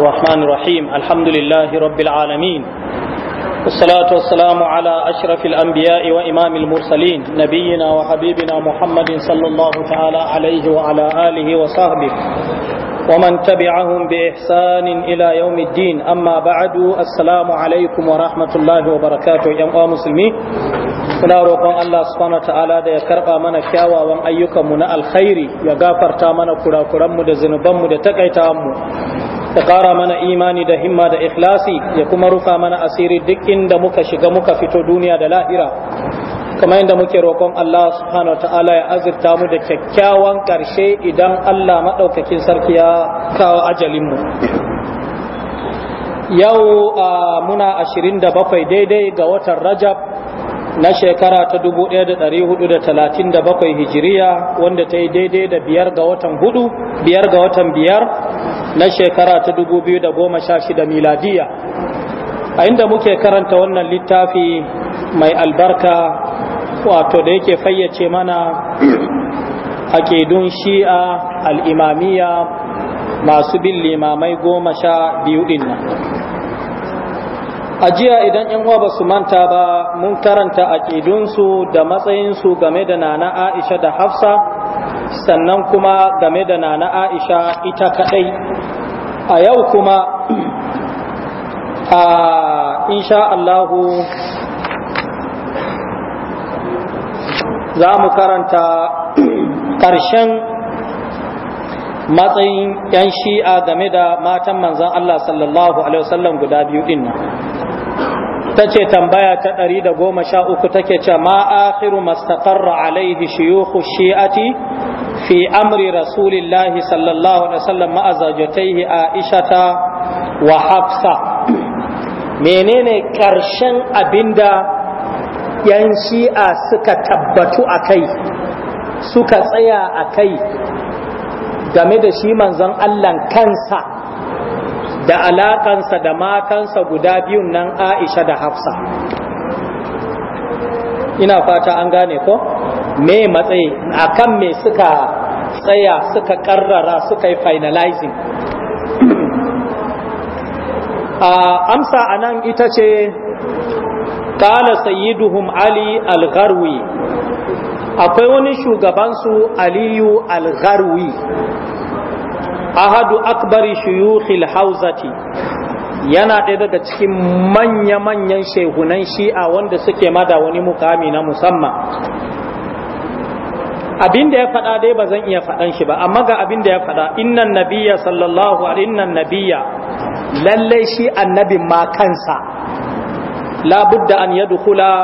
الرحمن الرحيم الحمد لله رب العالمين والصلاة والسلام على أشرف الأنبياء وإمام المرسلين نبينا وحبيبنا محمد صلى الله تعالى عليه وعلى آله وصحبه ومن تبعهم بإحسان إلى يوم الدين أما بعد السلام عليكم ورحمة الله وبركاته يا مسلمين muna roƙon Allah subhanahu ta'ala da ya karɓa mana kyawawan ayyukanmu na alkhairi ya gafarta mana kurakuranmu da zunubanmu da takaitawanmu ya ƙara mana imani da himma da ikhlasi ya kuma rufa mana asiri duk inda muka shiga muka fito duniya da lahira kamar yadda muke roƙon Allah subhanahu ta'ala ya azurta mu da kyakkyawan ƙarshe idan Allah maɗaukakin sarki ya kawo ajalinmu yau a muna ashirin da bakwai daidai ga watan rajab na shekara ta 1437 hijiriya wanda ta yi daidai da biyar ga watan hudu biyar ga watan biyar na shekara ta 2016 miladiya a inda muke karanta wannan littafi mai albarka wato da yake fayyace mana aƙidun shi'a al'imamiya masu bin limamai goma sha biyu dinna a jiya idan yan uwa ba manta ba mun karanta aƙidunsu da matsayinsu game da nana aisha da hafsa sannan kuma game da nana aisha ita kadai a yau kuma a insha Allahu za mu karanta ƙarshen matsayin 'yan shi'a game da matan manzan Allah sallallahu Alaihi wasallam guda biyu ɗin ta ce tambaya ta ɗari da goma sha uku take ce ma akhiru mastaqarra alaihi shiyukhu shi'ati fi amri rasulillahi sallallahu alaihi wasallam ma'a zawjatayhi aishata wa hafsa menene ƙarshen abinda yan shi'a suka tabbatu a kai suka tsaya a kai game da shi manzon Allah kansa da alakansa da matansa guda biyun nan Aisha da Hafsa ina fata an gane ko me matsayi akan me suka tsaya suka karrara suka yi finalizing a amsa anan ita ce kala sayyiduhum ali al akwai wani shugabansu aliyu Algarwi. ahadu akbari shuyukhil hauzati yana ɗaya daga cikin manya-manyan shehunan shi'a wanda suke mada wani mukami na musamman abin da ya faɗa dai ba zan iya faɗan shi ba amma ga abin da ya faɗa innan nabiya sallallahu alaihi innan nabiya lallai shi annabi ma kansa labudda an yadkhula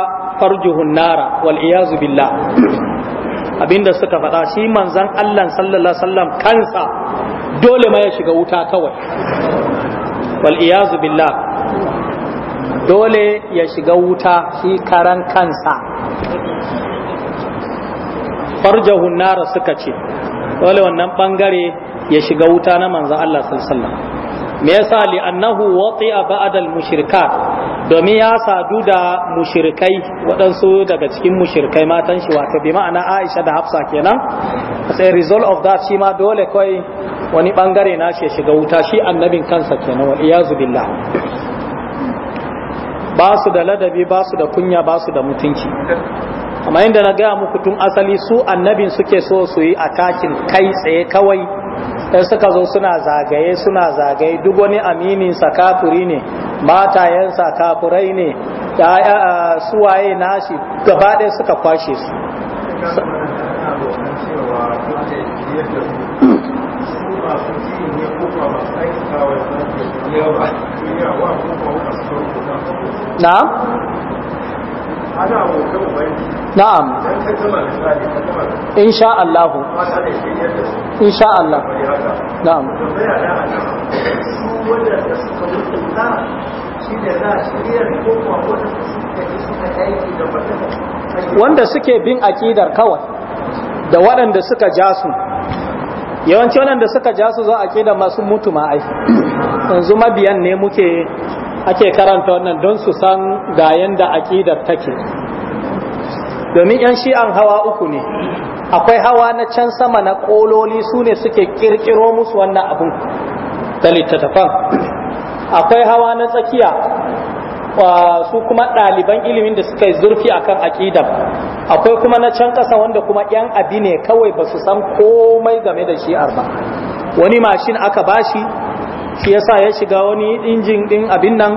farjuhun nara wal iyazu billah abinda suka faɗa shi manzan Allah sallallahu alaihi kansa dole ma ya shiga wuta kawai wal'iyazu iyazu billah dole ya shiga wuta shi karan kansa farjahun nara suka ce dole wannan ɓangare ya shiga wuta na manzan Allah sallallahu alaihi me yasa li annahu wati'a ba'da al-mushrikat domin ya sadu da mushrikai waɗansu daga cikin mushrikai matan shi wato bi ma'ana Aisha da Hafsa kenan As a result of that shi ma dole kai wani bangare na shi shiga wuta shi annabin kansa kenan wa iyazu billah ba su da ladabi ba su da kunya ba su da mutunci amma inda na gaya muku tun asali su annabin suke so su yi takin kai tsaye kawai in suka zo suna zagaye suna zagaye duk wani aminin sakafuri ne matayen kafurai ne suwaye nashi gaba ɗaya suka kwashe su na? na'am insha Allah insha Allah na'am wanda suke bin akidar kawai da waɗanda suka jasu yawanci waɗanda suka jasu za a masu mutu ma'ai yanzu mabiyan ne muke ake karanta wannan don su san ga yanda aƙidar take domin 'yan shi'an hawa uku ne akwai hawa na can sama na ƙololi su ne suke ƙirƙiro musu wannan abun da littattafan akwai hawa na tsakiya su kuma ɗaliban ilimin da suka yi zurfi akan aƙidar akwai kuma na can ƙasa wanda kuma 'yan abi ne kawai ba su san komai game da shi'ar ba wani mashin aka bashi shi yasa ya shiga wani injin din abin nan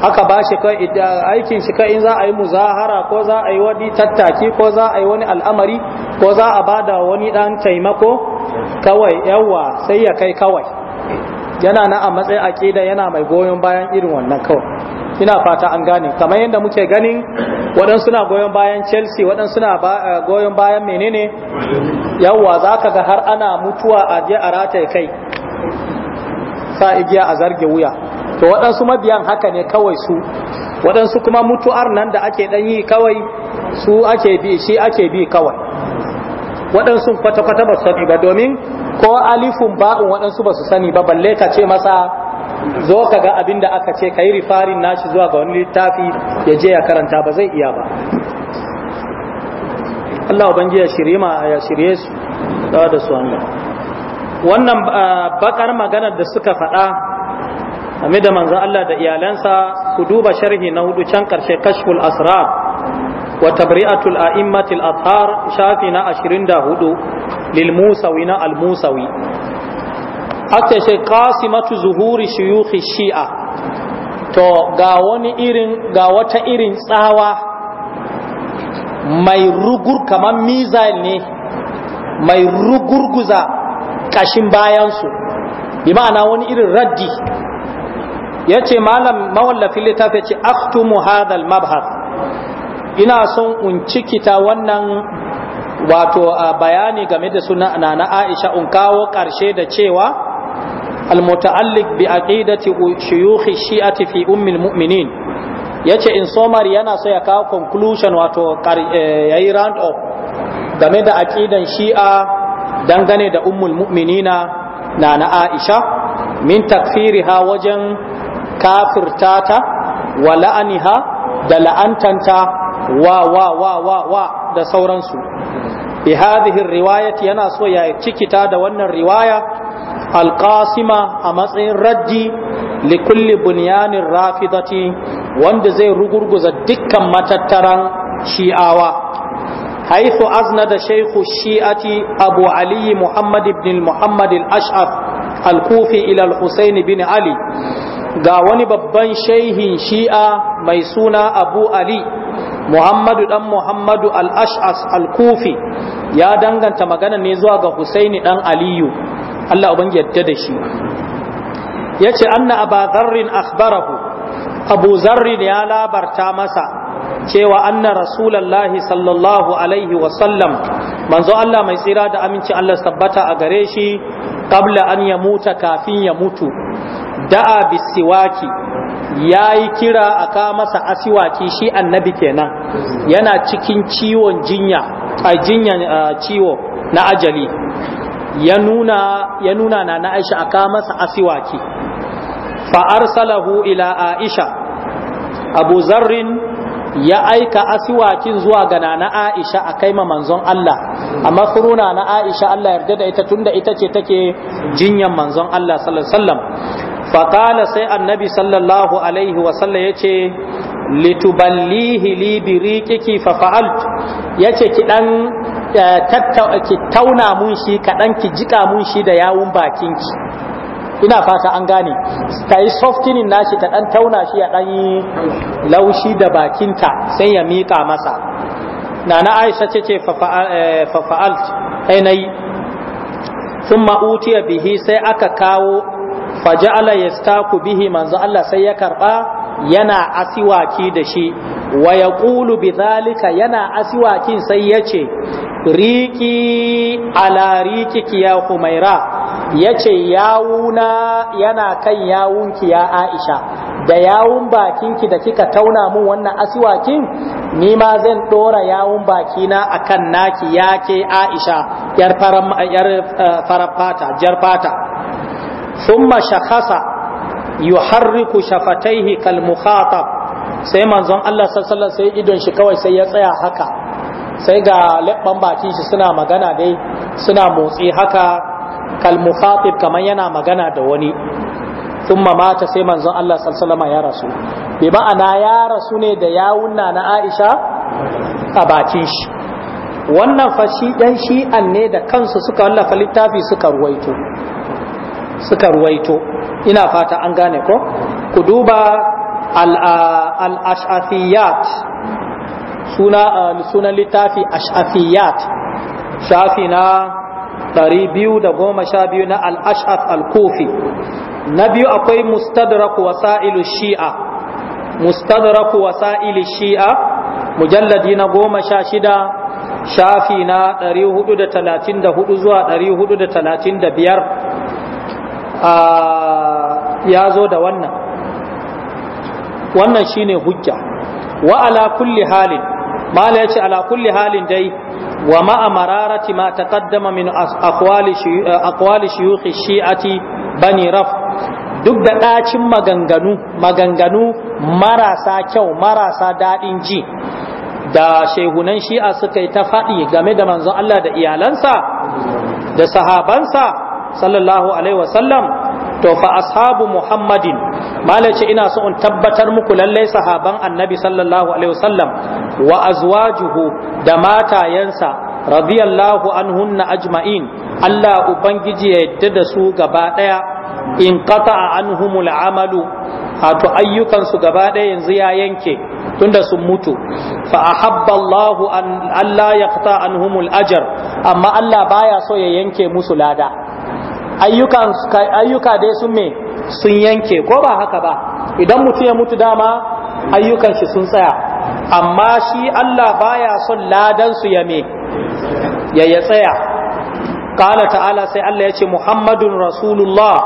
aka ba shi kai aikin shi kai in za a yi muzahara ko za a yi wani tattaki ko za a yi wani al'amari ko za a bada wani dan taimako kawai yawa sai ya kai kawai yana na a matsayin aqida yana mai goyon bayan irin wannan kawai ina fata an gane kamar yadda muke ganin waɗansu suna goyon bayan chelsea waɗansu suna eh, goyon bayan menene yawa za ga har ana mutuwa a je a rataye kai sa igiya a zarge wuya to waɗansu mabiyan haka ne kawai su waɗansu kuma mutuwar nan da ake danyi kawai su ake bi shi ake bi kawai waɗansu kwata-kwata ba su sani ba domin ko alifun ba'un waɗansu ba su sani ba balle ka ce masa zo ka ga abin da aka ce ka yi rifarin nashi zuwa ga wani littafi ya je ya karanta ba zai iya ba Allah ubangiji ya shirye su da su Allah wannan ah, bakar maganar da suka faɗa game da manzon Allah da iyalansa ku duba sharhi na hudu can karshe kashful asra wa tabri'atul a'immatil athar shafi na 24 lil musawi na al musawi ake ce qasimatu zuhuri shuyukh shi'a to ga wani irin ga wata irin tsawa mai rugur kamar mizal ne mai rugurguza kashin bayansu bi ma'ana wani irin raddi ya ce malam mawallafin littafi ce aftumu hadal mabhath ina son in cikita wannan wato bayani game da suna na Aisha in kawo ƙarshe da cewa almuta'alliq bi aqidati shuyukh shi'ati fi ummil mu'minin yace in somar yana so ya kawo conclusion wato eh, yayi round up game da aqidan shi'a dangane da ummul mu'minina na na aisha min takfiriha wajen kafirta ta wa la'aniha da la'antanta wa wa wa wa wa da sauransu bi hadhihi riwayati yana so ya cikita da wannan riwaya alqasima a matsayin raddi li kulli bunyanin rafidati wanda zai rugurguza dukkan matattaran shi'awa حيث أسند شيخ الشيعة أبو علي محمد بن محمد الأشعث الكوفي إلى الحسين بن علي ga wani babban shehin shi'a mai suna abu ali muhammadu dan muhammadu al-ash'as al-kufi ya danganta magana ne zuwa ga husaini dan aliyu allah uban yadda da shi ya ce anna abu zarrin akhbarahu abu zarrin ya labarta masa cewa anna rasulallahi sallallahu alaihi wasallam manzo Allah mai tsira da aminci Allah tabbata a gare shi kabla an ya muta kafin ya mutu da'a bisiwaki ya yi kira a ka masa asiwaki shi annabi kenan yana cikin ciwon jinya a jinyan ciwo na ajali ya nuna ya nuna na na Aisha aka masa asiwaki fa arsalahu ila Aisha Abu Zarrin ya aika asiwakin zuwa ga nana Aisha a kaima manzon Allah amma furuna na Aisha Allah yarda da ita tunda ita ce take jinyan manzon Allah sallallahu alaihi wasallam sai annabi sallallahu alaihi wasallam yace lituballihi li biriqiki fa fa'alt yace ki dan eh, tattauna mun shi kadan ki jiƙa mun shi da yawun bakinki ina fata an gane ka yi softening nashi ta ɗan tauna shi ya ɗan yi laushi da bakinta sai ya miƙa masa nana aisha ce ce fafa'al eh, ainihi yi sun ma'utiya bihi sai aka kawo faja'ala ya staku bihi manzo Allah sai ya karɓa yana asiwaki da shi wa ya ƙulu bi zalika yana asiwakin sai ya ce riki ala riki kiya humaira yace yawuna yana kan yawunki ya aisha da yawun bakinki da kika tauna mun wannan asiwakin ni ma zan dora yawun bakina akan naki yake aisha yar farafata eh, jar fata shakhasa yuharriku shafataihi kal mukhatab sai manzon Allah sallallahu alaihi wasallam sai idon shi kawai sai ya tsaya haka sai ga leɓɓan bakin shi suna magana dai suna motsi haka kalmukhatib kamar yana magana da wani Tumma mata sai manzon Allah sallallahu ya rasu bi ma'ana ya rasu ne da yawunna na Aisha a bakin shi wannan fashi shi shi'an ne da kansu suka wallafa littafi suka ruwaito suka ruwaito ina fata an gane ko ku duba al-ash'afiyat al suna sunan littafi ash'afiyat shafi na 212 na al-ash'af al-kufi na biyu akwai Mustadraku wasailu shi'a Mustadraku wasailu shi'a mujalladi na 16 shafi na 434 zuwa 435 ya zo da wannan wannan shine hujja wa ala kulli halin ya ce ala kulli halin dai wa ma'amararati ma ta kaddama min akwali aqwali eh, shuyukh shi'ati bani raf duk da ɗacin maganganu maganganu marasa kyau marasa daɗin ji da shehunan shi'a suka yi ta faɗi game da manzon Allah da iyalansa da sahabansa sallallahu alaihi wasallam to fa ashabu muhammadin malace ina so in tabbatar muku lallai sahaban annabi sallallahu alaihi wasallam wa azwajuhu da matayensa radiyallahu anhunna ajma'in Allah ubangiji ya yadda da su gaba daya in qata'a anhumul amalu wato ayyukan su gaba daya yanzu ya yanke tunda sun mutu fa ahabba Allahu an Allah yaqta anhumul ajr amma Allah baya so ya yanke musu lada ayyukan ayyuka dai sun me sun yanke ko ba haka ba idan mutum ya mutu dama ayyukan shi sun tsaya amma shi Allah baya son ladan su ya me ya ya tsaya Kala ta'ala sai Allah ya ce muhammadun rasulullah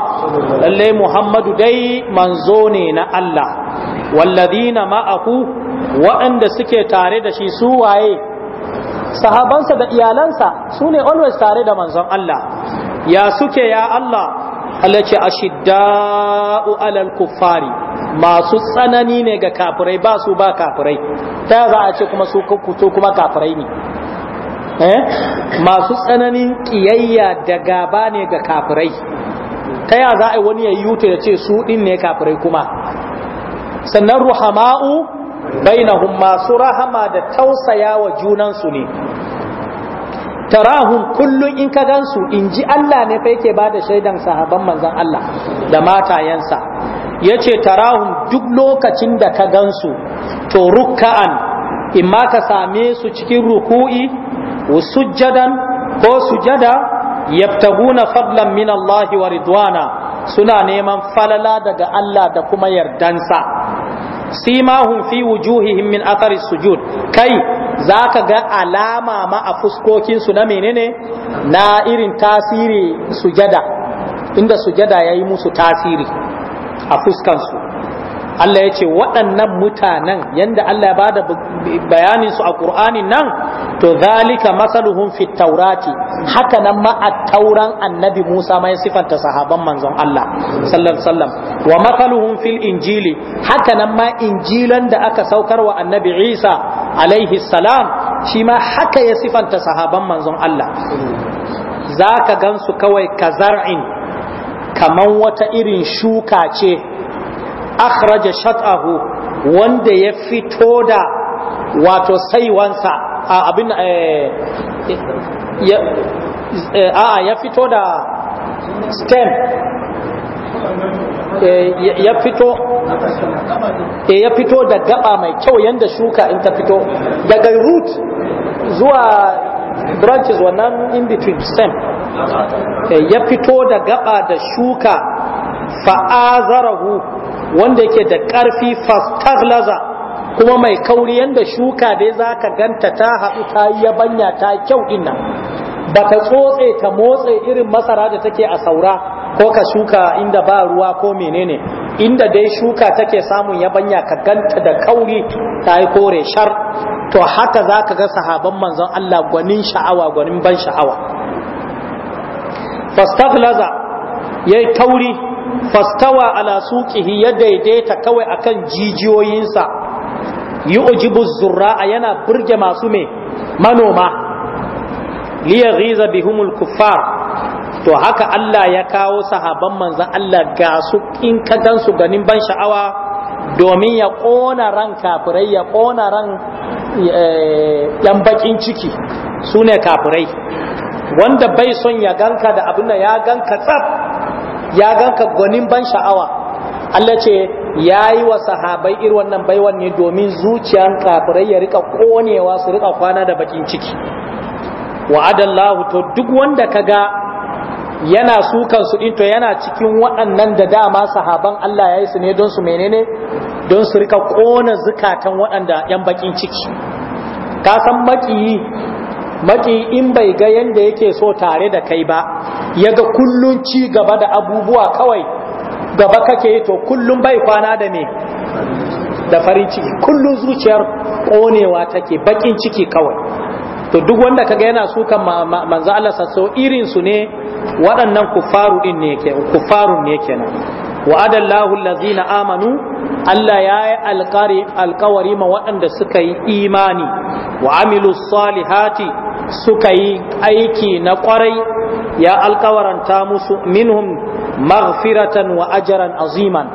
lalle muhammadu dai manzo ne na Allah walladina ma'ahu waɗanda suke tare da shi su waye sahabansa da iyalansa su ne always tare da manzon Allah ya suke ya Allah Allah ce ashidda'u alal kuffari masu tsanani ne ga kafirai ba su ba kafirai ta za a ce kuma su kuma kafirai ne eh? masu tsananin kiyayya da gaba ne ga kafirai ta ya za a wani ya yuta ya ce su ɗin ne kafirai kuma sannan ruhama'u bainahum masu rahama da tausaya wa su ne tarahum kullun in ka gansu in ji Allah ne fa yake ba da shaidan sahaban manzon Allah da matayensa yace tarahum duk lokacin da ka gansu to rukka'an ma ka same su cikin ruku'i sujjadan ko sujada yabtaguna fadlan min Allah wa ridwana suna neman falala daga Allah da kuma yardansa simahum fi wujuhihim min athari sujud kai za ka ga alama ma a fuskokinsu na menene na irin tasiri sujada inda sujada ya yi musu tasiri a fuskansu Allah ya ce waɗannan mutanen yadda Allah ya bada bayaninsu a ƙur'anin nan to zalika masaluhum fit taurati haka nan ma a tauran annabi Musa ma sifanta sahaban manzon Allah sallam wa masaluhum fil injili haka nan ma injilan da aka saukar wa annabi Isa alaihi salam shi ma haka ya sifanta sahaban manzon Allah za ka gansu kawai ka zar'in kaman wata irin shuka ce akhraja shat'ahu wanda ya fito da wato saiwansa a abin eh, a eh, ya fito da stem Eh, ya fito eh, ya fito da gaba mai kyau yanda shuka in ta fito daga root zuwa branches wannan in between stem eh, ya fito da gaba da shuka fa'azarahu wanda yake da ƙarfi fastaglaza kuma mai kauri yanda shuka dai zaka ganta ta haɗu ta yabanya ta kyau ba baka tsotse ta motse irin masara da take a saura ko ka shuka inda ba ruwa ko menene inda dai shuka take samun yabanya ka ganta da kauri ta yi kore shar to haka za ka ga sahaban manzon Allah gwanin sha'awa gwanin ban sha'awa ya yayi tauri fastawa ala suqihi ya daidaita kawai akan jijiyoyinsa yu'jibu zurra'a yana burge masu mai manoma liyaghiza bihumul kuffar to haka Allah ya kawo sahaban manzan Allah ga su in ka gan su ganin ban sha'awa domin ya ƙona ran kafirai ya ƙona ran ɗan eh, baƙin ciki su ne kafirai wanda bai son ya ganka da abin da ya ganka tsab ya ganka gwanin ban sha'awa Allah ce ya yi wa sahabai irin wannan baiwan ne domin zuciyan kafirai ya rika ƙonewa su rika kwana da baƙin ciki wa'adallahu to duk wanda ka ga yana sukan su ɗin to yana cikin waɗannan da dama sahaban Allah ya yi su ne don su menene don su rika ƙona zukatan waɗanda ‘yan bakin ciki ka san maƙiyi maƙi in bai ga yadda yake so tare da kai ba ya ga kullum ci gaba da abubuwa kawai gaba kake yi to kullum bai kwana da me da farin ciki kullun zuciyar ƙonewa take baƙin ciki kawai to duk wanda ka ga yana sukan manzo Allah sasso irin su ne waɗannan kufaru din ne ke kufarun ne kenan wa adallahu allazina amanu Allah ya yi alƙari alƙawari ma waɗanda suka yi imani wa amilu salihati suka yi aiki na ƙwarai ya alƙawaranta musu minhum maghfiratan wa aziman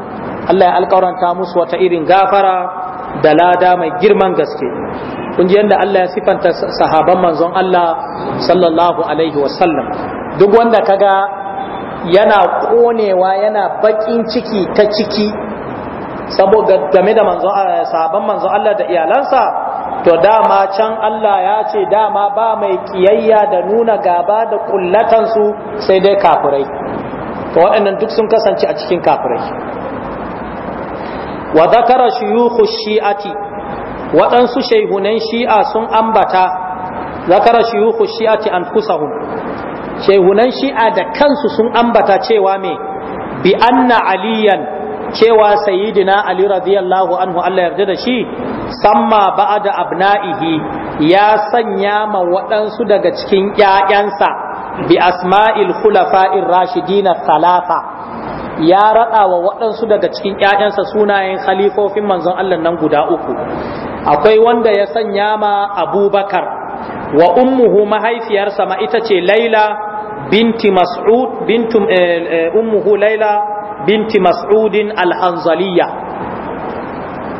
Allah ya alƙawaranta musu wata irin gafara da lada mai girman gaske kun ji yadda Allah ya sifanta sahaban manzon Allah sallallahu alaihi sallam. duk wanda kaga yana konewa yana bakin ciki ta ciki saboda game da manzo eh, sabon manzo Allah da iyalansa to dama can Allah ya ce dama ba mai kiyayya da nuna gaba da su sai dai kafirai to waɗannan duk sun kasance a cikin kafirai wa zakara shuyukhu shi'ati waɗansu shaihunan shi'a sun ambata zakara shuyukhu shi'ati anfusahum shehunan shi'a da kansu sun ambata cewa me bi anna aliyan cewa sayyidina ali radiyallahu anhu Allah yarda da shi samma ba'da abna'ihi ya sanya ma waɗansu daga cikin ƴaƴansa bi asma'il khulafa'ir rashidina Salafa, ya raɗa wa waɗansu daga cikin ƴaƴansa sunayen khalifofin manzon Allah nan guda uku akwai wanda ya sanya ma abubakar wa ummuhu mahaifiyarsa ma ita ce laila binti mas'ud bintu eh, eh, ummuhu laila binti mas'udin al-hanzaliya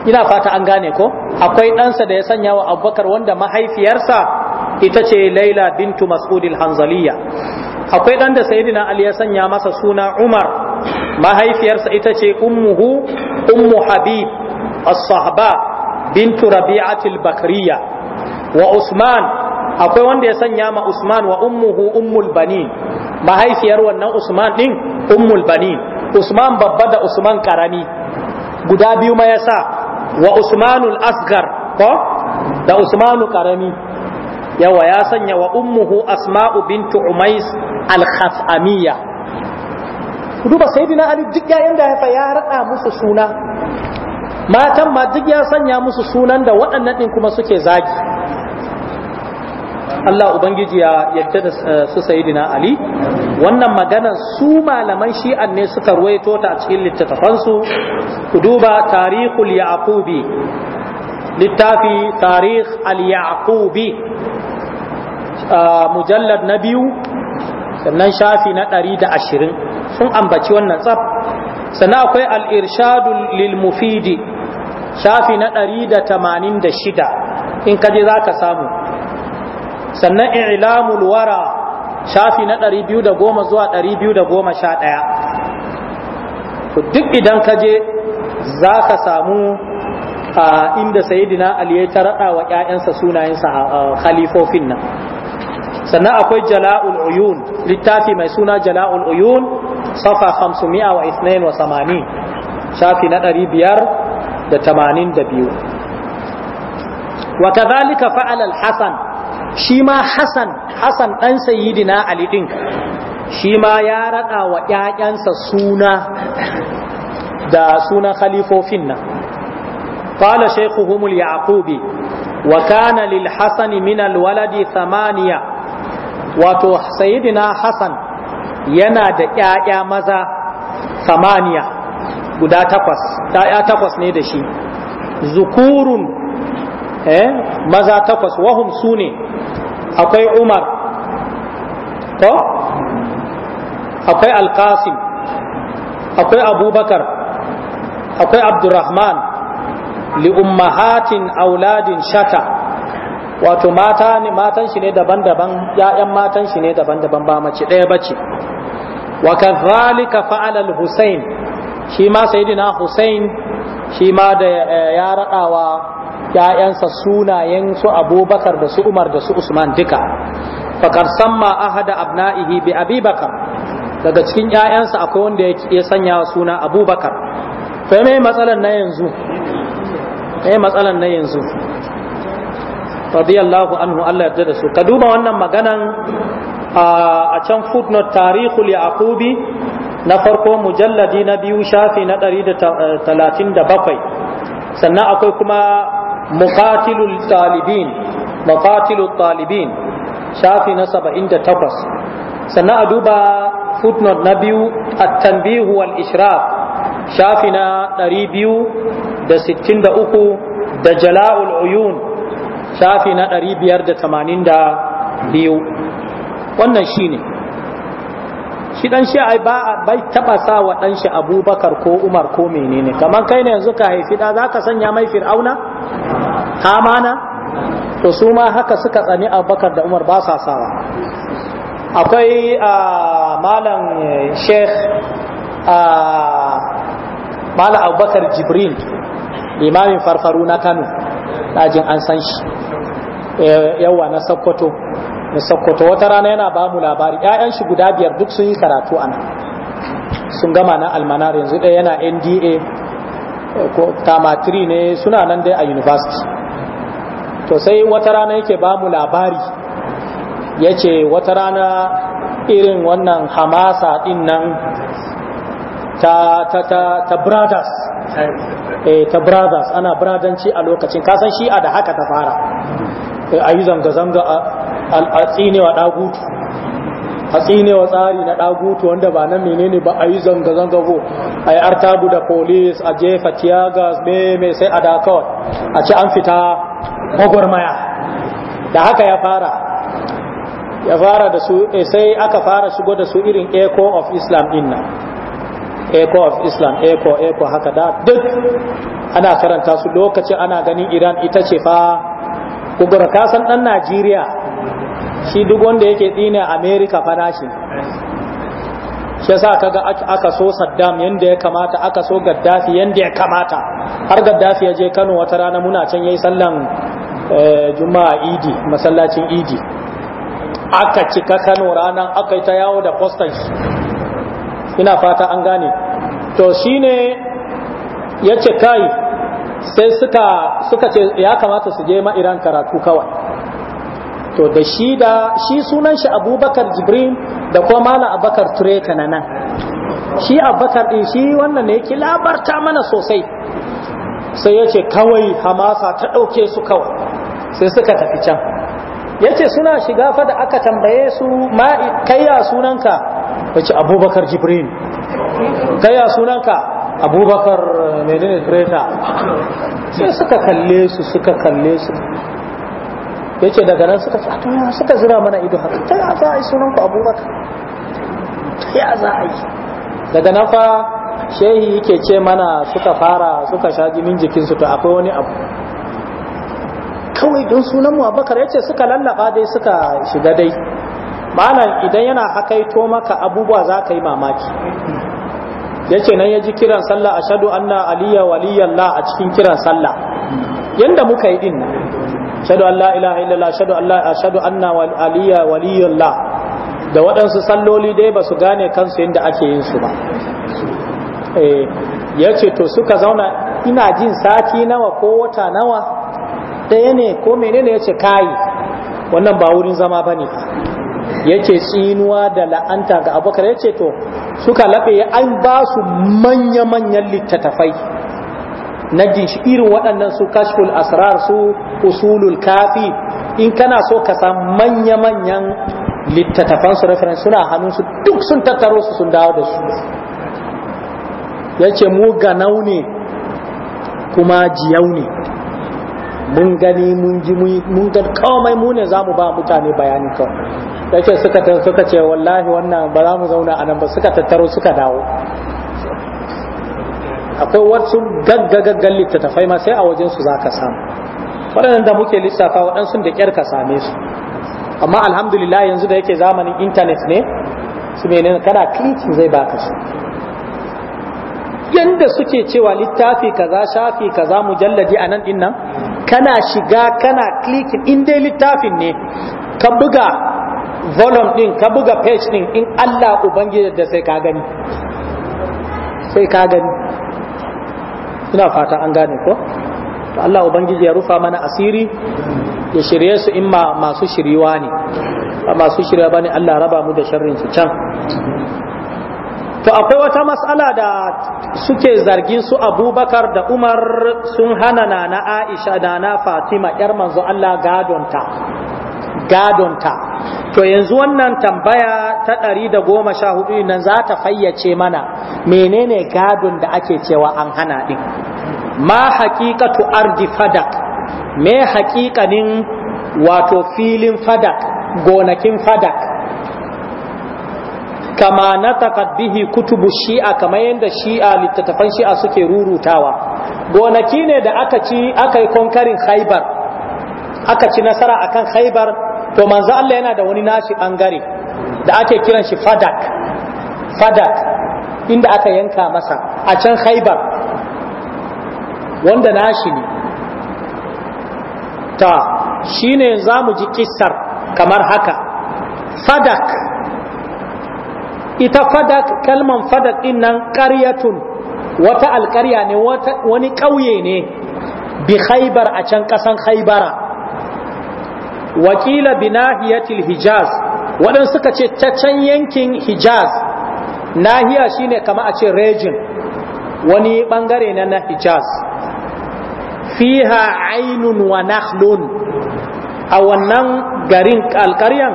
ina fata an gane ko akwai ɗansa da ya sanya wa abubakar wanda mahaifiyarsa ita ce laila bintu mas'udin hanzaliya akwai ɗan da sayidina ali ya sanya masa suna umar mahaifiyarsa ita ce ummuhu ummu habib as-sahaba bintu rabi'atil bakriya wa usman akwai wanda ya sanya ma Usman wa ummuhu ummul banin mahaifiyar wannan Usman din ummul banin Usman babba da Usman karami guda biyu ma yasa wa Usmanul asgar ko da Usmanu karami yawa ya sanya wa ummuhu Asma'u bintu Umais al-Khas'amiyya duba sayyidina Ali duk yayin da haifa ya rada musu suna matan ma duk ya sanya musu sunan da waɗannan din kuma suke zagi Allah Ubangiji ya yarda da su sayidina Ali wannan magana su malaman shi'an ne suka ruwaito ta a cikin littattafansu ku duba tarihul yaqubi littafi tarih al-yaqubi mujallad na biyu sannan shafi na ɗari da ashirin sun ambaci wannan tsaf sannan akwai al-irshadul lil mufidi shafi na ɗari da tamanin da shida in kaje za ka samu sannan i'lamul wara shafi na 210 zuwa 211 to duk idan ka je za ka samu inda sayidina ali ya ta raɗa wa ƴaƴansa sunayensa khalifofin nan sannan akwai jala'ul uyun littafi mai suna jala'ul uyun safa 582 shafi na 582 wa kadhalika fa'ala al-hasan shi ma Hassan Hassan ɗan sayidina Ali ɗin shi ma ya raɗa wa ‘ya'yansa suna da sunan khalifofin nan Falo shaykhuhum humul yaqubi wa kana lil waladi samaniya wato sayyidina hasan yana da ƴaƴa maza samaniya guda takwas ƴaƴa takwas ne da shi zukurun eh maza takwas wahum sune akwai Umar ko akwai al akwai Abubakar akwai Abdurrahman li ummahatin auladin shata wato mata ne matan shi ne daban-daban ya'yan matan shi ne daban-daban ba mace ɗaya bace wa kadhalika fa'ala al-Husayn shi ma sayyidina Husayn shi ma da eh, ya raɗawa yayansa sunayen su abubakar da su umar da su usman duka fakar samma ahada abna'ihi bi abubakar daga cikin ya'yansa akwai wanda ya sanya suna abubakar fa mai matsalan na yanzu mai matsalan na yanzu radiyallahu anhu Allah yarda da su ka duba wannan maganan a can footnote tarihul yaqubi na farko mujalladi na biyu shafi na 137 eh, sannan akwai kuma muqatilul ɗalibin muqatilul talibin shafi na 78 sannan sana'a duba footnote na biyu at-tanbihu wal ishraf shafi na 263 da jala'ul uyun shafi na 582 wannan shine shi dan shi ai ba bai taba sa wa dan shi Abubakar ko Umar ko menene kamar kai ne yanzu ka haifi da zaka sanya mai Fir'auna Hamana to su ma haka suka tsani Abubakar da Umar ba sa sawa akwai malam eh, Sheikh malam Abubakar Jibril limamin farfaru na Kano dajin an san shi eh, yawa na Sokoto sakkoto wata rana yana ba mu labari ‘ya'yan shi guda biyar duk sun yi karatu a nan sun gama na almanar yanzu ɗaya yana nda ko tamatiri ne suna nan dai a university to sai wata rana yake ba mu labari ya ce wata rana irin wannan hamasa ɗin nan ta ta ta ta brothers eh ta brothers ana bradanci a lokacin kasan shi'a da haka ta fara eh, Ayi yi zanga-zanga al'atsinewa ɗagutu a tsinewa tsari na ɗagutu wanda ba na menene ba a yi zanga-zanga ko a yi artabu da polis a jefa me mai sai a dakawar a ci an fita gwagwarmaya da haka ya fara ya fara da su eh, sai aka fara shigo da su irin echo of islam dinna echo of islam echo echo haka da duk ana karanta su lokacin ana ganin iran ita ce fa kugura kasan dan najeriya shi duk wanda yake tsine america farashi shi yasa kaga aka so saddam yanda ya kamata aka so gaddafi yanda ya kamata har gaddafi ya je kano wata rana muna can yayi sallan eh, juma'a idi masallacin idi aka cika kano ranar aka yi ta yawo da postage ina fata an gane to shine ya ce kai sai suka ce ya kamata su je ma iran karatu kawai to da shi da shi sunan shi abubakar jibrin da kuma mala abubakar ture na nan shi abubakar din shi wannan ne yake labarta mana sosai sai ya ce kawai hamasa ta ɗauke su kawai sai suka tafi can ya ce suna shiga fa da aka tambaye su kaiya sunanka wace abubakar jibrin kaiya sunanka abubakar menene ta sai suka kalle su suka kalle su ya ce daga nan suka to ya suka zira mana ido haka ta ya za a yi sunan ku baka ta ya za a yi daga nan fa shehi yake ce mana suka fara suka sha jimin jikinsu to akwai wani abu kawai don sunan mu abubakar ya ce suka lallaba dai suka shiga dai malam idan yana hakaito maka abubuwa za ka yi mamaki ya ce nan ya ji kiran sallah a ashadu anna aliya la a cikin kiran sallah yadda muka yi din shadu an la ilaha illallah shadu an la shadu anna wal aliya waliyullah da waɗansu salloli dai ba su gane kansu yadda ake yin su ba eh yace to suka zauna ina jin sati nawa ko wata nawa ɗaya ne ko menene yace kayi? wannan ba wurin zama bane yace tsinuwa da la'anta ga Ya yace to suka laɓe an ba su manya-manyan littattafai na ginshi irin waɗannan su kashful asrar su usulul kafi in kana so ka san manya-manyan littattafan su reference suna hannun su duk sun tattaro su sun dawo da su yace mu ganau ne kuma jiyau ne mun gani mun ji mun gani kawai mai ne za mu ba mutane bayani kawai yace suka ce wallahi wannan ba za mu zauna a nan ba suka tattaro suka dawo akwai wasu gaggagaggan littattafai ma sai a wajen su zaka samu waɗannan da muke lissafa waɗansu da ƙyar ka same su amma alhamdulillah yanzu da yake zamanin intanet ne su menene kana klikin zai baka su yanda suke cewa littafi kaza shafi kaza mujalladi anan din nan kana shiga kana klikin in dai littafin ne ka buga volume din ka buga page din in Allah ubangiji da sai ka gani sai ka gani ina fata an gane ko to Allah ubangiji ya rufa mana asiri ya shirye su in ma masu shiriwa ne ba masu shirya bane Allah raba mu da sharrin su can to akwai wata mas'ala da suke zargin su Abubakar da Umar sun hana na Aisha da na Fatima yar manzo Allah gadonta gadonta to yanzu wannan tambaya ta ɗari da goma sha hudu nan za ta fayyace mana menene gadon da ake cewa an hana ɗin ma haƙiƙatu ardi fadak me haƙiƙanin wato filin fadak gonakin fadak kama na takaddihi kutubu shi'a kamar yadda shi'a littattafan shi'a suke rurutawa gonaki ne da aka ci aka yi konkarin haibar aka ci nasara akan haibar to manzo Allah yana da wani nashi bangare da ake kiran shi fadak fadak inda aka yanka masa a can haibar wanda nashi ne ta shine za mu ji kissar kamar haka fadak ita fadak kalman fadak din nan ƙaryatun wata alƙarya ne wani ƙauye ne bi haibar a can ƙasan haibara wakila binahiyatil hijaz waɗansu suka ce ta can yankin hijaz nahiya shine kama a ce region wani bangare na na hijaz fiha ainun wa nakhlun a wannan garin alkaryan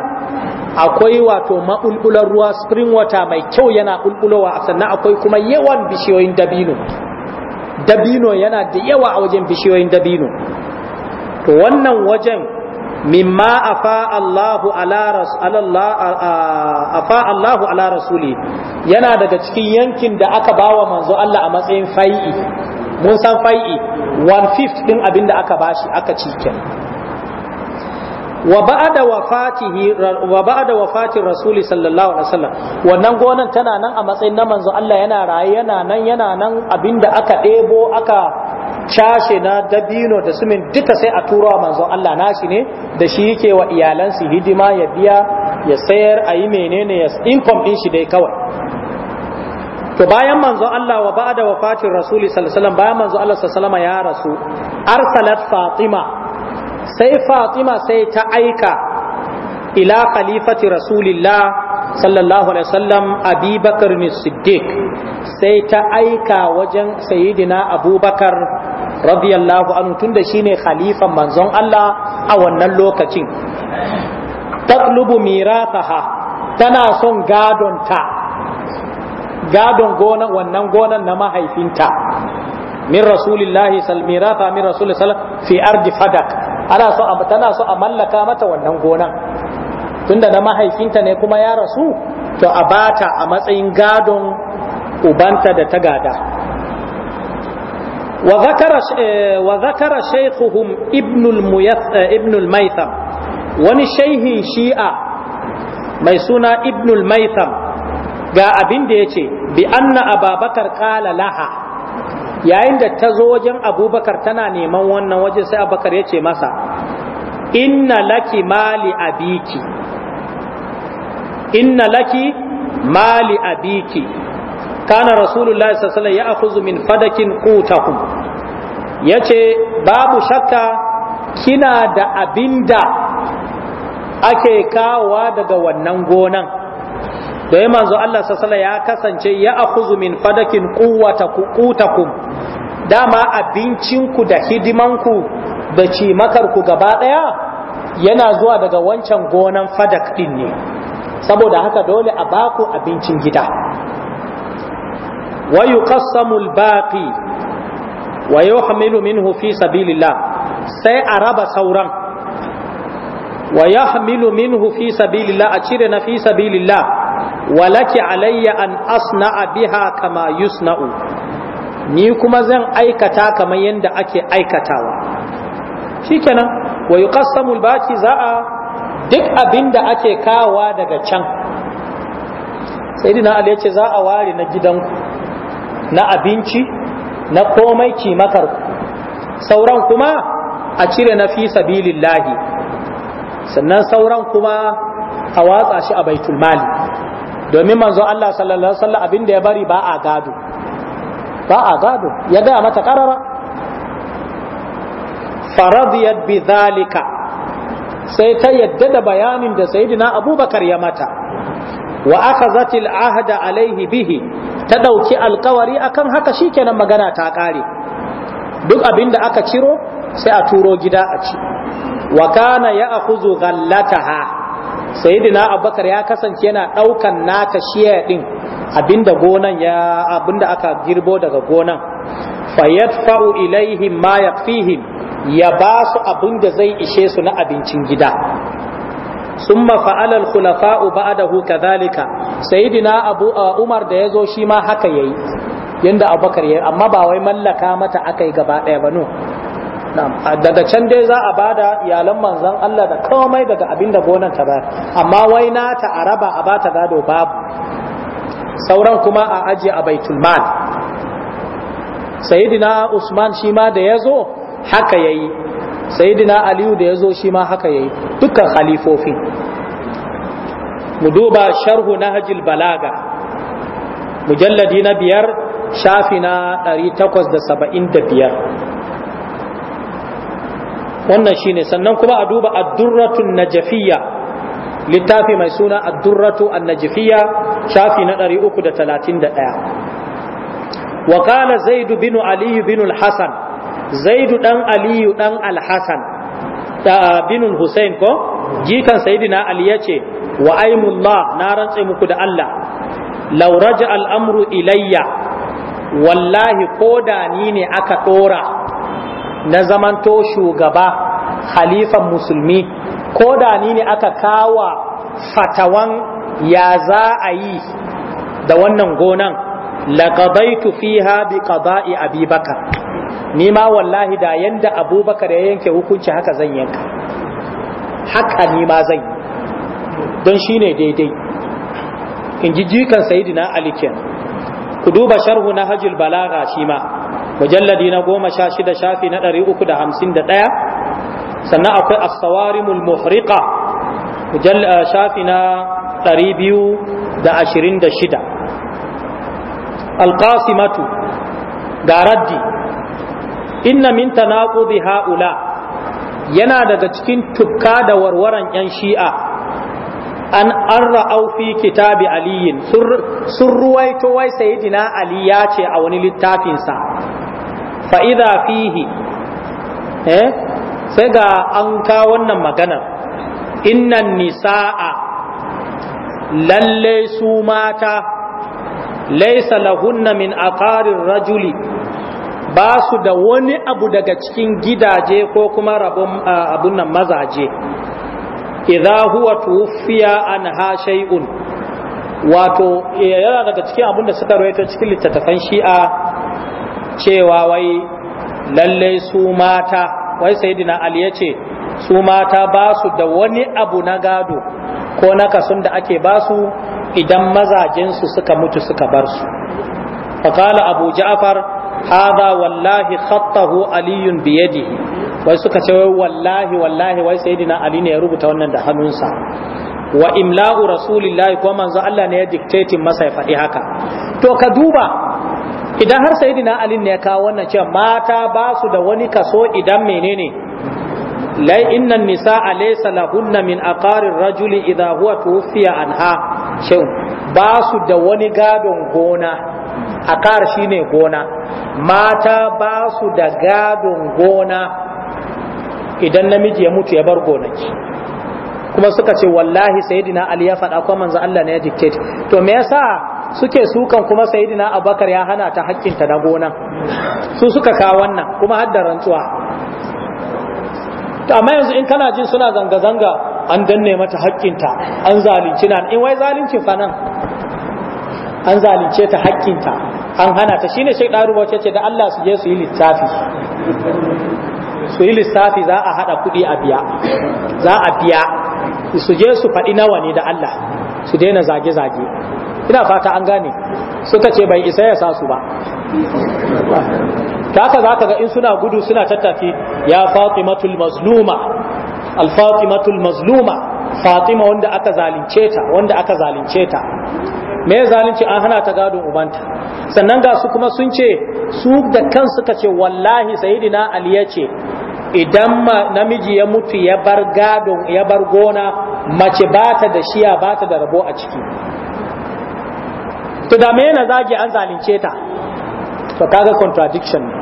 akwai wato maɓulɓular ruwa spring water mai kyau yana ɓulɓulowa sannan akwai kuma yawan bishiyoyin dabino dabino yana da yawa a wajen bishiyoyin dabino to wannan wajen mimma afa Allahu ala afa Allahu ala rasuli yana daga cikin yankin da aka bawa manzo Allah a matsayin fa'i mun san fa'i one fifth din abin da aka bashi aka ci wa ba'da wafatihi wa ba'da wafati rasuli sallallahu alaihi wasallam wannan gonan tana nan a matsayin na manzo Allah yana raye yana nan yana nan abinda aka ɗebo aka cashe na dabino da sumin duka sai a turowa manzon Allah nashi ne da shi yake wa iyalansu hidima ya biya ya sayar a yi menene ya income din shi dai kawai to bayan manzon Allah wa ba'da wafatin rasuli sallallahu alaihi bayan manzon Allah sallallahu ya rasu arsalat fatima sai fatima sai ta aika ila khalifati rasulillah sallallahu alaihi wasallam abubakar siddiq sai ta aika wajen sayidina abubakar radiyallahu anhu tunda shine khalifan manzon Allah a wannan lokacin taqlubu mirataha tana son gadon ta gadon gona wannan gonan na mahaifinta min rasulillahi salmirata min rasulillahi fi ardi fadak ana so tana so a mallaka mata wannan gonan tunda na mahaifinta ne kuma ya rasu to a bata a matsayin gadon ubanta da ta gada wa zakara eh, shaykhuhum ibnul eh, maitham wani shaihin shi'a mai suna ibnul maitham ga abin da ya ce bi anna ababakar kala laha yayin da ta zo wajen abubakar tana neman wannan waje sai abubakar ya ce masa inna laki mali abiki inna laki mali abiki kana rasulullahi sallallahu alaihi wasallam ya'khudhu min fadakin qutahum yace babu shakka kina da abinda ake kawa daga wannan gonan da manzo Allah sallallahu ya kasance ya akhuzu min fadakin quwwatakum qutakum dama ku da hidiman ku da cimakarku gaba daya yana zuwa daga wancan gonan fadak din ne saboda haka dole a baku abincin gida Wayu yuqassamu baƙi. Wayo wa minhu fi sabilillah sai a raba sauran wa yahmilu minhu fi sabilillah a cire na fi sabilillah wa alayya an asna'a biha kama yusna'u ni kuma zan aikata kamar yadda ake aikatawa shikenan wa yuqassamu al-baqi za'a duk abin da ake kawowa daga can sai dina ya yace za a ware na gidanku na abinci na komai cimakar sauran kuma a cire na fi sabilillahi sannan sauran kuma a watsa shi a baitul mali domin manzo Allah sallallahu alaihi wasallam abin da ya bari ba a gado ba a gado ya ga mata karara faradiyat bi zalika sai ta yadda da bayanin da sayidina abubakar ya mata wa aka zatil ahada alaihi bihi ta ɗauki alkawari akan haka shikenan magana ta ƙare duk abin da aka ciro sai a turo gida a ci wa kana ya akuzu ha, sayidina abubakar ya kasance yana ɗaukan nata shiya ɗin abinda gonan ya abinda aka girbo daga gonan fayyadfa'u ilaihim ma yakfihim ya ba su abin da zai ishe su na abincin gida sun mafa'al al da ba'dahu kadhalika sayyidina abu umar da yazo shi ma haka ya yayi abokar abubakar yi, amma ba wai mallaka mata yi gaba ɗaya ba no daga can dai za a ba da iyalan manzan Allah da komai daga abinda gonan ta ba amma wai na ta araba a bata gado babu sauran kuma a ajiye a baitul mal sayyidina usman shi ma da yazo haka yayi sayyidina aliyu da zo shi ma haka yayi dukkan khalifofi mu duba sharhu nahjil balaga mujalladi na biyar shafi na 875 wannan shine sannan kuma a duba Addurratun Najafiya, najafiyya littafi mai suna addurratu annajifiya shafi na 331 wa kana zaid bin ali bin al zaidu dan aliyu dan alhassan da binul hussein ko jikan sayidina ali ya ce wa aimullah na rantse muku da allah law al'amru ilayya wallahi ko da ni ne aka ɗora na zamanto shugaba khalifan musulmi ko da ni ne aka kawa fatawan ya za a yi da wannan gonan laƙadaitu fiha bi qada'i abubakar ni ma wallahi da yanda abubakar ya yanke hukunci haka zan yanka haka ni ma zan don shi ne daidai in ji jikan sayidina alikin ku duba sharhu na hajjul balaga shi ma mujalladi na goma sha shida shafi na ɗari uku da hamsin da ɗaya sannan akwai asawarimul muhriqa eh, shafi na ɗari biyu da ashirin da shida alƙasimatu ga raddi inna min tanaqudi haula yana daga cikin tukka da warwaran yan shi'a an arra'au fi kitabi aliyin sun ruwaito wai sayidina ali ya ce a wani littafinsa fa idza fihi eh sai ga an ka wannan magana innan nisa'a lalle su mata laisa lahunna min aqarir rajuli ba su da wani abu daga cikin gidaje ko kuma rabon abun nan mazaje idza huwa tuwfiya an ha shay'un wato e, yana daga cikin abun da suka rawaito cikin littattafan shi'a cewa wai lalle su mata wai sayyidina ali yace su mata ba su da wani abu na gado ko na kasun da ake ba su idan mazajen su suka mutu suka bar su faqala abu ja'far hada wallahi khattahu aliyun biyadihi wai suka ce wallahi wallahi wai sayyidina ali ne ya rubuta wannan da hannunsa wa imla'u rasulillahi ko manzo Allah ne ya dictate masa ya faɗi haka to ka duba idan har sayyidina ali ne ya kawo wannan cewa mata ba su da wani kaso idan menene lai innan nisa laysa lahunna min aqarir rajuli idha huwa tuwfiya anha shin ba su da wani gadon gona aqar shine gona mata ba su da gadon gona idan namiji ya mutu ya bar gonaki kuma suka ce wallahi sayyidina ali ya faɗa kuma manzo Allah ne ya dictate to me yasa suke sukan kuma sayyidina abubakar ya hana ta hakkinta na gona su suka kawo wannan kuma har da rantsuwa to amma yanzu in kana jin suna zanga zanga an danne mata hakkinta an zalunci nan in wai zalunci fa nan an zalunce ta ta an hana ta shine shi ɗan rubuce ce da Allah su je su yi littafi su yi lissafi za a haɗa kuɗi a biya za a biya su je su faɗi nawa ne da Allah su daina zage-zage ina fata an gane suka ce bai isa ya sa su ba ta haka za ka ga in suna gudu suna tattafi ya fatimatul mazluma al-fatimatul mazluma fatima wanda aka ta wanda aka zalunce ta me zalunci an hana ta gadon ubanta sannan ga su kuma sun ce su da kansu ka ce wallahi sayidina ali ya ce idan namiji ya mutu ya bar gadon ya bar gona mace ba ta da shiya ba ta da rabo a ciki to da me yana zagi an zalunce ta to kaga contradiction ne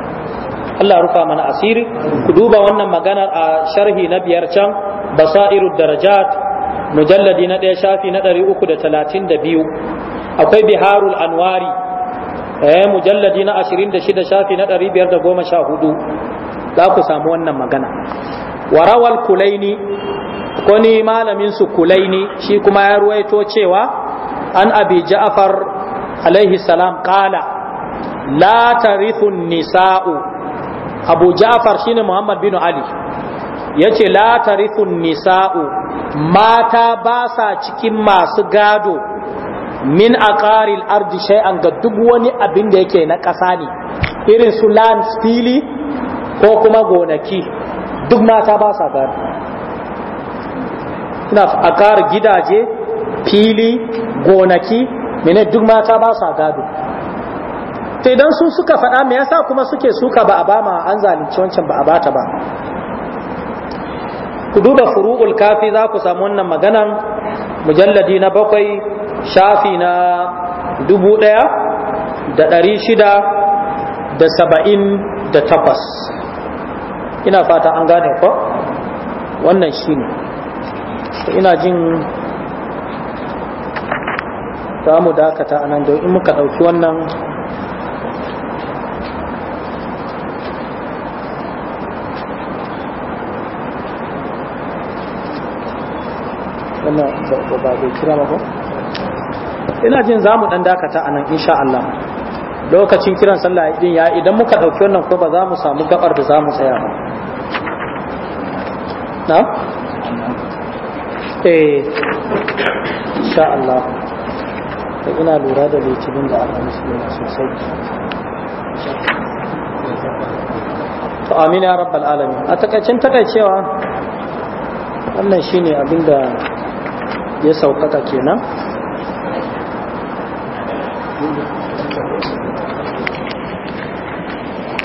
Allah rufa mana asiri ku duba wannan maganar a sharhi na biyar can basairu darajat mujalladi na ɗaya shafi na ɗari uku da talatin da biyu akwai biharul anwari eh mujalladi na ashirin da shida shafi na ɗari biyar da goma sha hudu za ku samu wannan magana warawal kulaini ko ni malamin su kulaini shi kuma ya ruwaito cewa an abi ja'far alaihi salam qala la nisa'u abu ja'far shine muhammad bin ali ya ce latarifun nisa'u mata ba sa cikin masu gado min aqaril ardi shay'an ga duk wani abin da yake na ƙasa ne irin su land fili ko kuma gonaki duk mata ba sa gado ina aqar gidaje fili gonaki mene duk mata ba sa gado ta idan su suka faɗa me yasa kuma suke suka ba a ba ma an zalunci wancan ba a bata ba ku duba furu'ul kafi za ku samu wannan maganan mujalladi na bakwai shafi na dubu ɗaya da ɗari shida da saba'in da takwas ina fata an gane ko wannan shi ne ina jin za mu dakata a nan in muka ɗauki wannan wannan ina jin za mu dan dakata anan insha Allah lokacin kiran sallah din ya idan muka dauki wannan ko ba za mu samu gabar da za mu tsaya ba na eh insha Allah to ina lura da litinin da aka musulma sosai to amin ya rabbal alamin a takaicin takaicewa wannan shine abinda ya saukaka kenan